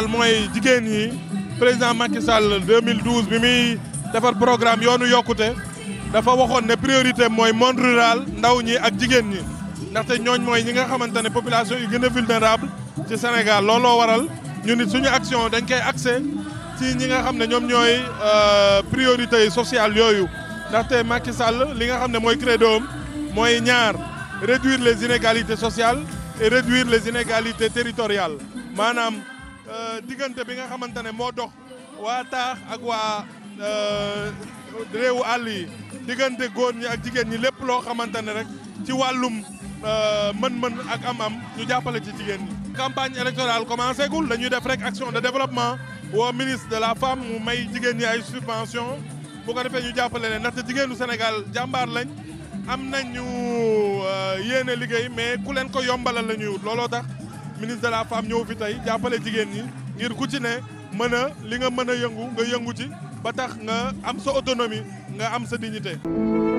Le président Macky Sall 2012 bi mi programme yonu yokuté dafa monde rural ndaw ñi ak ñi té ñoñ ñi nga population vulnérable ci Sénégal waral suñu action dañ accès euh, priorité sociale ndax Macky réduire les inégalités sociales et réduire les inégalités territoriales Euh, diggante bi nga xamante ne moo dox waa taax ak waa euh, réewu àll yi diggante góor ñi ak jigéen ñi lépp loo xamante ne rek ci wàllum euh, mën-mën ak am-am ñu jàppale ci jigéen ñi. campagne électorale commencé gul dañuy def rek action de développement woo ministre de la femme mu may jigéen ñi ay subvention bu ko defee ñu jàppale leen ndaxte jigéenu Sénégal jàmbaar lañ am nañu yéene liggéey mais ku leen ko yombalal la looloo tax. ministre de la femme ñëw fi tey jàppale jigéen ñi ngir ku ci ne mën a li nga mën a yëngu nga yëngu ci ba tax nga am sa autonomie nga am sa dignité